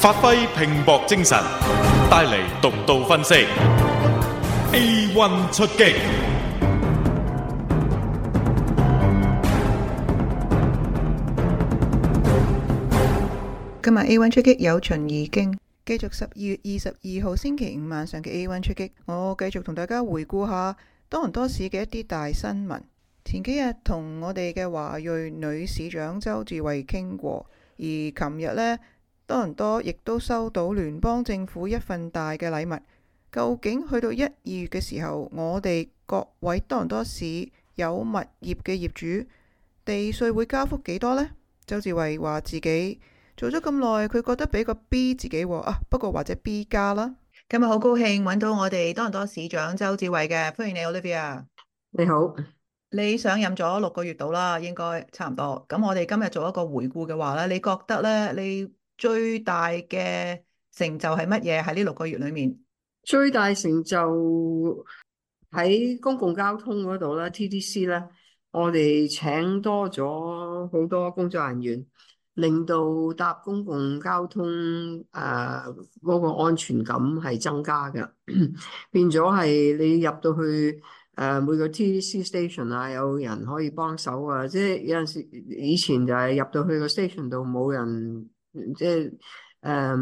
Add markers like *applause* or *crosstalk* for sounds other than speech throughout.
發揮拼搏精神，帶嚟獨到分析。A one 出擊，今日 A one 出擊有秦而經。繼續十二月二十二號星期五晚上嘅 A one 出擊，我繼續同大家回顧下多倫多市嘅一啲大新聞。前幾日同我哋嘅華裔女市長鄒至蕙傾過，而琴日呢。多倫多亦都收到聯邦政府一份大嘅禮物。究竟去到一二月嘅時候，我哋各位多倫多市有物業嘅業主，地稅會加幅幾多呢？鄒至蕙話自己做咗咁耐，佢覺得俾個 B 自己喎啊，不過或者 B 加啦。今日好高興揾到我哋多倫多市長鄒至蕙嘅，歡迎你 Olivia。你好，你上任咗六個月到啦，應該差唔多。咁我哋今日做一個回顧嘅話咧，你覺得呢？你？最大嘅成就係乜嘢？喺呢六個月裏面，最大成就喺公共交通嗰度啦，TTC 啦，我哋請多咗好多工作人員，令到搭公共交通誒嗰、呃那個安全感係增加嘅， *coughs* 變咗係你入到去誒、呃、每個 TTC station 啊，有人可以幫手啊，即係有陣時以前就係入到去個 station 度冇人。即係誒、呃，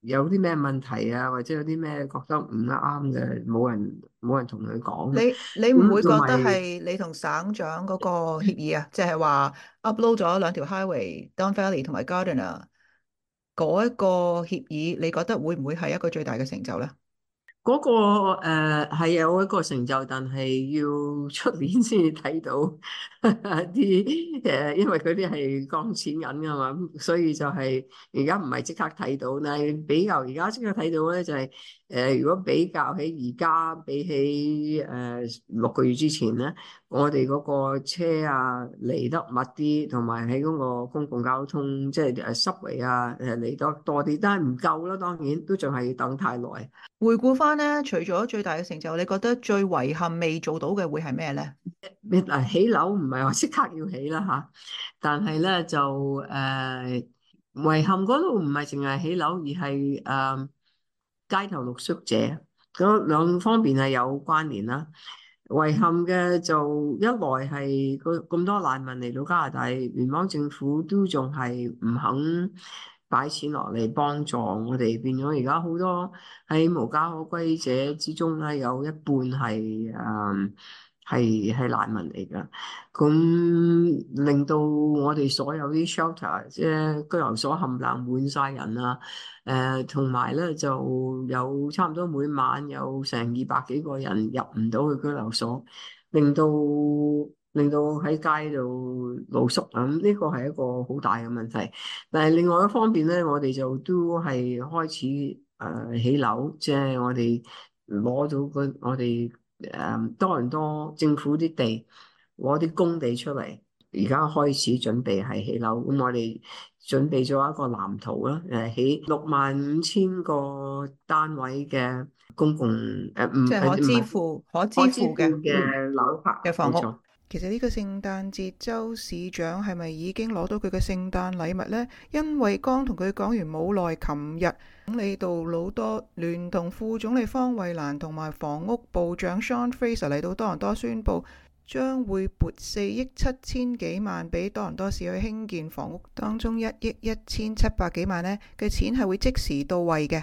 有啲咩問題啊，或者有啲咩覺得唔啱嘅，冇人冇人同佢講。你你唔會覺得係你同省長嗰個協議啊？即係話 upload 咗兩條 highway，Don Valley 同埋 Gardiner 嗰個協議，你覺得會唔會係一個最大嘅成就咧？嗰、那個誒係、呃、有一個成就，但係要出年先至睇到啲誒，因為嗰啲係光錢銀噶嘛，所以就係而家唔係即刻睇到咧。但係比較而家即刻睇到咧、就係，就係誒，如果比較起而家比起誒、呃、六個月之前咧。我哋嗰個車啊，嚟得密啲，同埋喺嗰個公共交通，即係誒濕位啊，誒嚟得多啲，但係唔夠咯，當然都仲係要等太耐。回顧翻咧，除咗最大嘅成就，你覺得最遺憾未做到嘅會係咩咧？嗱，起樓唔係話即刻要起啦嚇，但係咧就誒遺憾嗰度唔係淨係起樓，而係誒街頭露宿者嗰兩方面係有關聯啦。遺憾嘅就一來係咁多難民嚟到加拿大，聯邦政府都仲係唔肯擺錢落嚟幫助我哋，變咗而家好多喺無家可歸者之中咧，有一半係誒。嗯係係難民嚟㗎，咁令到我哋所有啲 shelter 即係居留所冚唪唥滿晒人啦，啊，誒同埋咧就有差唔多每晚有成二百幾個人入唔到去居留所，令到令到喺街度露宿啊！咁呢個係一個好大嘅問題。但係另外一方面咧，我哋就都係開始誒、呃、起樓，即、就、係、是、我哋攞到個我哋。誒，多倫多政府啲地，攞啲工地出嚟，而家開始準備係起樓，咁我哋準備咗一個藍圖啦，誒，起六萬五千個單位嘅公共誒，呃、即係可支付可支付嘅樓殼嘅房屋其實呢個聖誕節，鄒市長係咪已經攞到佢嘅聖誕禮物呢？因為剛同佢講完冇耐，琴日總理杜魯多聯同副總理方慧蘭同埋房屋部長 Sean Fraser 嚟到多倫多宣布，將會撥四億七千幾萬俾多倫多市去興建房屋，當中一億一千七百幾萬呢，嘅錢係會即時到位嘅。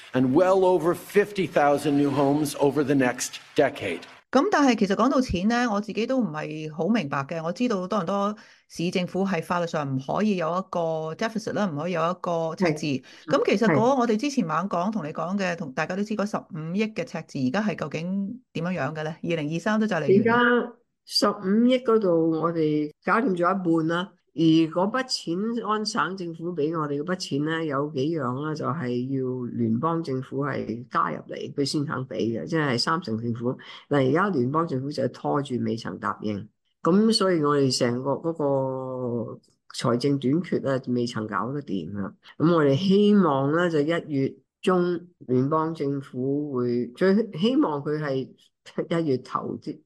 咁、well、但係其實講到錢咧，我自己都唔係好明白嘅。我知道多倫多市政府係法律上唔可以有一個 deficit 啦，唔可以有一個赤字。咁是、嗯、其實、那個、是 我哋之前猛講同你講嘅，同大家都知嗰十五億嘅赤字，而家係究竟點樣樣嘅咧？二零二三都就嚟。而家十五億嗰度，我哋搞掂咗一半啦。而嗰筆錢，安省政府俾我哋嘅筆錢咧，有幾樣啦，就係要聯邦政府係加入嚟，佢先肯俾嘅，即係三層政府。嗱，而家聯邦政府就拖住未曾答應，咁所以我哋成個嗰個財政短缺咧、啊，未曾搞得掂啦。咁我哋希望咧，就一月中聯邦政府會最希望佢係一月頭啲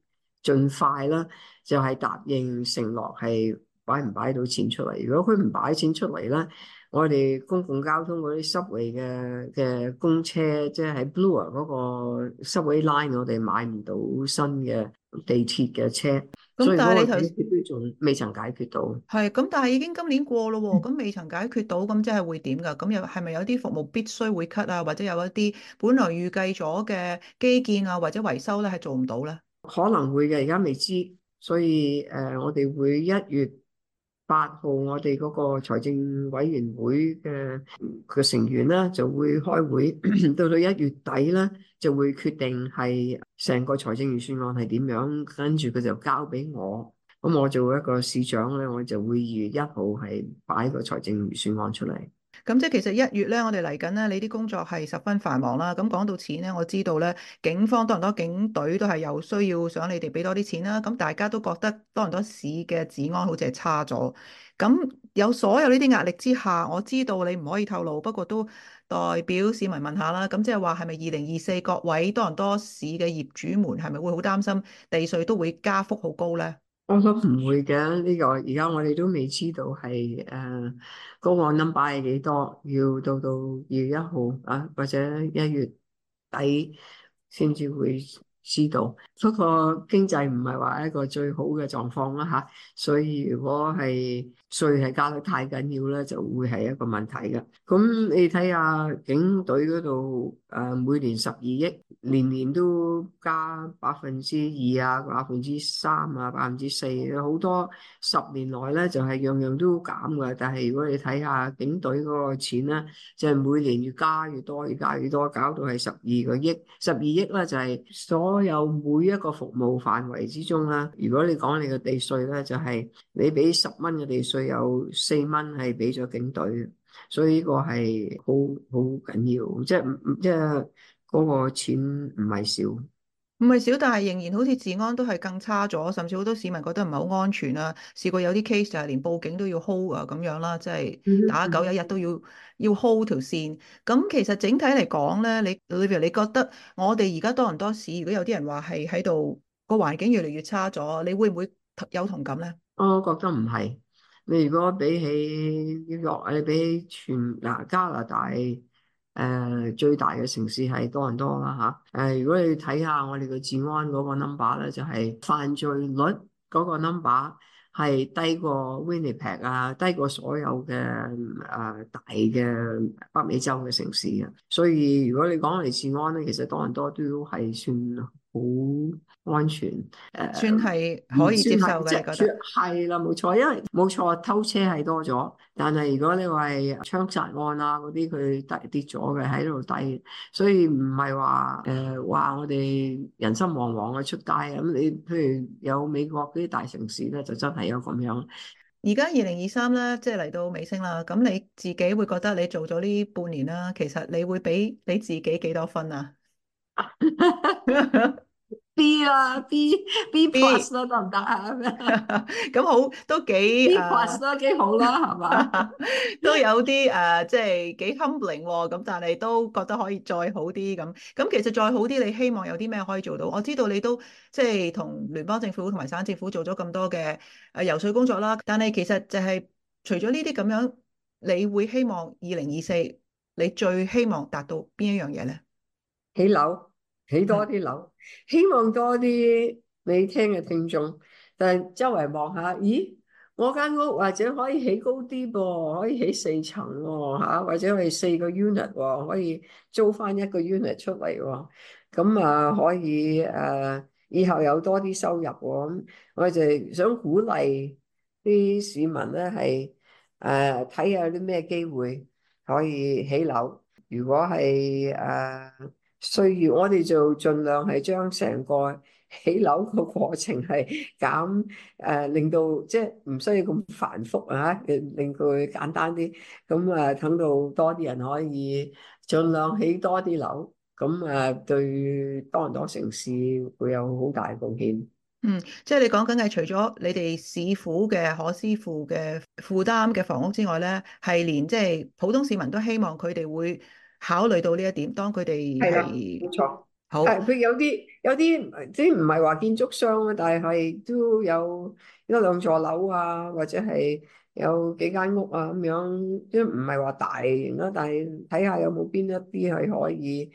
盡快啦，就係答應承諾係。擺唔擺到錢出嚟？如果佢唔擺錢出嚟咧，我哋公共交通嗰啲 subway 嘅嘅公車，即係喺 Bloor 嗰個 subway line，我哋買唔到新嘅地鐵嘅車。咁但係佢仲未曾解決到。係，咁但係已經今年過咯，咁未曾解決到，咁即係會點噶？咁又係咪有啲服務必須會 cut 啊？或者有一啲本來預計咗嘅基建啊，或者維修咧，係做唔到咧？可能會嘅，而家未知，所以誒、呃，我哋會一月，八號我哋嗰個財政委員會嘅嘅成員咧，就會開會， *coughs* 到到一月底咧就會決定係成個財政預算案係點樣，跟住佢就交俾我，咁我做一個市長咧，我就會二月一號係擺個財政預算案出嚟。咁即係其實一月咧，我哋嚟緊咧，你啲工作係十分繁忙啦。咁講到錢咧，我知道咧，警方多倫多警隊都係有需要，想你哋俾多啲錢啦。咁大家都覺得多倫多市嘅治安好似係差咗。咁有所有呢啲壓力之下，我知道你唔可以透露，不過都代表市民問下啦。咁即係話係咪二零二四各位多倫多市嘅業主們係咪會好擔心地稅都會加幅好高咧？我,、這個、我諗唔會嘅，呢個而家我哋都未知道係誒嗰個 number 係幾多，要到到二月一號啊或者一月底先至會知道。濟不過經濟唔係話一個最好嘅狀況啦吓，所以如果係。稅係加得太緊要咧，就會係一個問題噶。咁你睇下警隊嗰度，誒、呃，每年十二億，年年都加百分之二啊，百分之三啊，百分之四，好多十年內咧就係、是、樣樣都減噶。但係如果你睇下警隊嗰個錢咧，就係、是、每年越加越多，越加越多，搞到係十二個億。十二億咧就係、是、所有每一個服務範圍之中啦。如果你講你個地稅咧，就係、是、你俾十蚊嘅地稅。最有四蚊係俾咗警隊，所以呢個係好好緊要，即係即係嗰個錢唔係少，唔係少，但係仍然好似治安都係更差咗，甚至好多市民覺得唔係好安全啦、啊。試過有啲 case 就係連報警都要 hold 啊，咁樣啦，即、就、係、是、打九 *laughs* 一一都要要 hold 條線。咁其實整體嚟講咧，你例如你覺得我哋而家多人多事，如果有啲人話係喺度個環境越嚟越差咗，你會唔會有同感咧？我覺得唔係。你如果比起英國，你比起全嗱加拿大，誒、呃、最大嘅城市係多倫多啦，吓。誒、啊呃、如果你睇下我哋嘅治安嗰個 number 咧，就係、是、犯罪率嗰個 number 係低過 Winnipeg 啊低過所有嘅誒、呃、大嘅北美洲嘅城市嘅。所以如果你講嚟治安咧，其實多倫多都係算，好安全，誒，算係可以接受嘅。係啦，冇錯，因為冇錯，偷車係多咗，但係如果你話槍殺案啊嗰啲，佢低跌咗嘅，喺度低，所以唔係話誒，話、呃、我哋人心惶惶嘅出街。咁你譬如有美國嗰啲大城市咧，就真係有咁樣。而家二零二三咧，即係嚟到尾聲啦。咁你自己會覺得你做咗呢半年啦，其實你會俾你自己幾多分啊？ *laughs* B 啦、啊、，B B pass 都得唔得啊？咁好都幾 B pass 啦，幾好啦、啊，係嘛？都有啲誒，即、啊、係、就是、幾 humbling 喎、啊。咁但係都覺得可以再好啲咁。咁其實再好啲，你希望有啲咩可以做到？我知道你都即係同聯邦政府同埋省政府做咗咁多嘅誒游說工作啦。但係其實就係除咗呢啲咁樣，你會希望二零二四你最希望達到邊一樣嘢咧？起樓。起多啲樓，希望多啲你聽嘅聽眾。但係周圍望下，咦？我間屋或者可以起高啲噃、哦，可以起四層喎、哦、吓、啊、或者可以四個 unit，、哦、可以租翻一個 unit 出嚟，哦。咁、嗯、啊，可以誒、啊，以後有多啲收入、哦。咁我就想鼓勵啲市民咧，係誒睇下有啲咩機會可以起樓。如果係誒。啊所以，我哋就儘量係將成個起樓個過程係減誒、呃，令到即係唔需要咁繁複嚇、啊，令佢簡單啲。咁啊，等到多啲人可以儘量起多啲樓，咁啊、呃，對多倫多城市會有好大貢獻。嗯，即係你講緊係除咗你哋市府嘅可支付嘅負擔嘅房屋之外咧，係連即係、就是、普通市民都希望佢哋會。考慮到呢一點，當佢哋係冇錯，好，佢有啲有啲即係唔係話建築商啊，但係都有一兩座樓啊，或者係有幾間屋啊咁樣，即唔係話大型啦，但係睇下有冇邊一啲係可以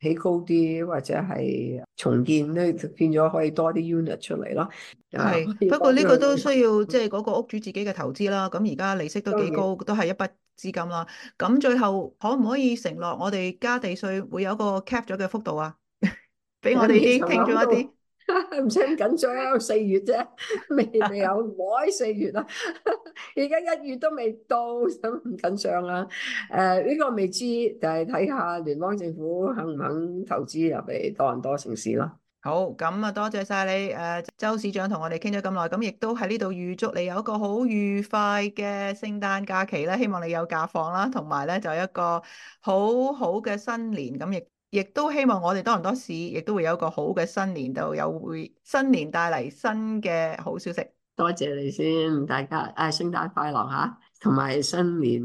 起高啲，或者係重建咧，變咗可以多啲 unit 出嚟咯。係是，不過呢個都需要即係嗰個屋主自己嘅投資啦。咁而家利息都幾高，然都係一筆。資金啦，咁最後可唔可以承諾我哋加地稅會有個 cap 咗嘅幅度啊？俾 *laughs* 我哋啲 *laughs* 聽住一啲，唔使咁緊張，四月啫，未未有，唔可以四月啊，而家一月都未到，咁唔緊張啊？誒、呃，呢、呢個未知，就係睇下聯邦政府肯唔肯投資入嚟多倫多城市咯。好，咁啊，多謝晒你誒、呃，鄒市長同我哋傾咗咁耐，咁亦都喺呢度預祝你有一個好愉快嘅聖誕假期啦，希望你有假放啦，同埋咧就一個好好嘅新年，咁亦亦都希望我哋多倫多市亦都會有一個好嘅新年，度有會新年帶嚟新嘅好消息。多謝你先，大家誒，啊，聖誕快樂吓，同埋新年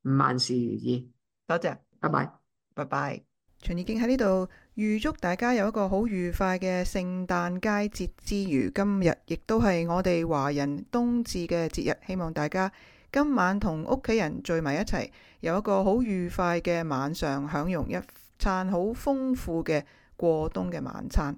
萬事如意。多謝，拜拜，拜拜。秦耳徑喺呢度，預祝大家有一個好愉快嘅聖誕佳節節之餘，今日亦都係我哋華人冬至嘅節日，希望大家今晚同屋企人聚埋一齊，有一個好愉快嘅晚上，享用一餐好豐富嘅過冬嘅晚餐。